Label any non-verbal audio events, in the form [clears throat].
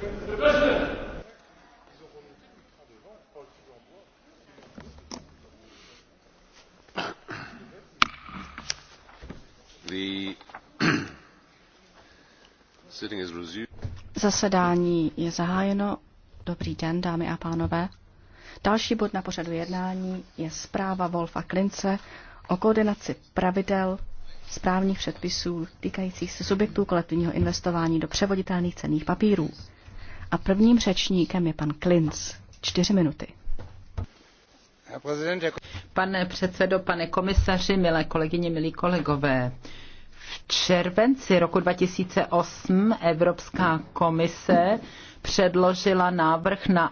[clears throat] Zasedání je zahájeno. Dobrý den, dámy a pánové. Další bod na pořadu jednání je zpráva Wolfa Klince o koordinaci pravidel správních předpisů týkajících se subjektů kolektivního investování do převoditelných cených papírů. A prvním řečníkem je pan Klinc. Čtyři minuty. Pane předsedo, pane komisaři, milé kolegyně, milí kolegové. V červenci roku 2008 Evropská komise předložila návrh na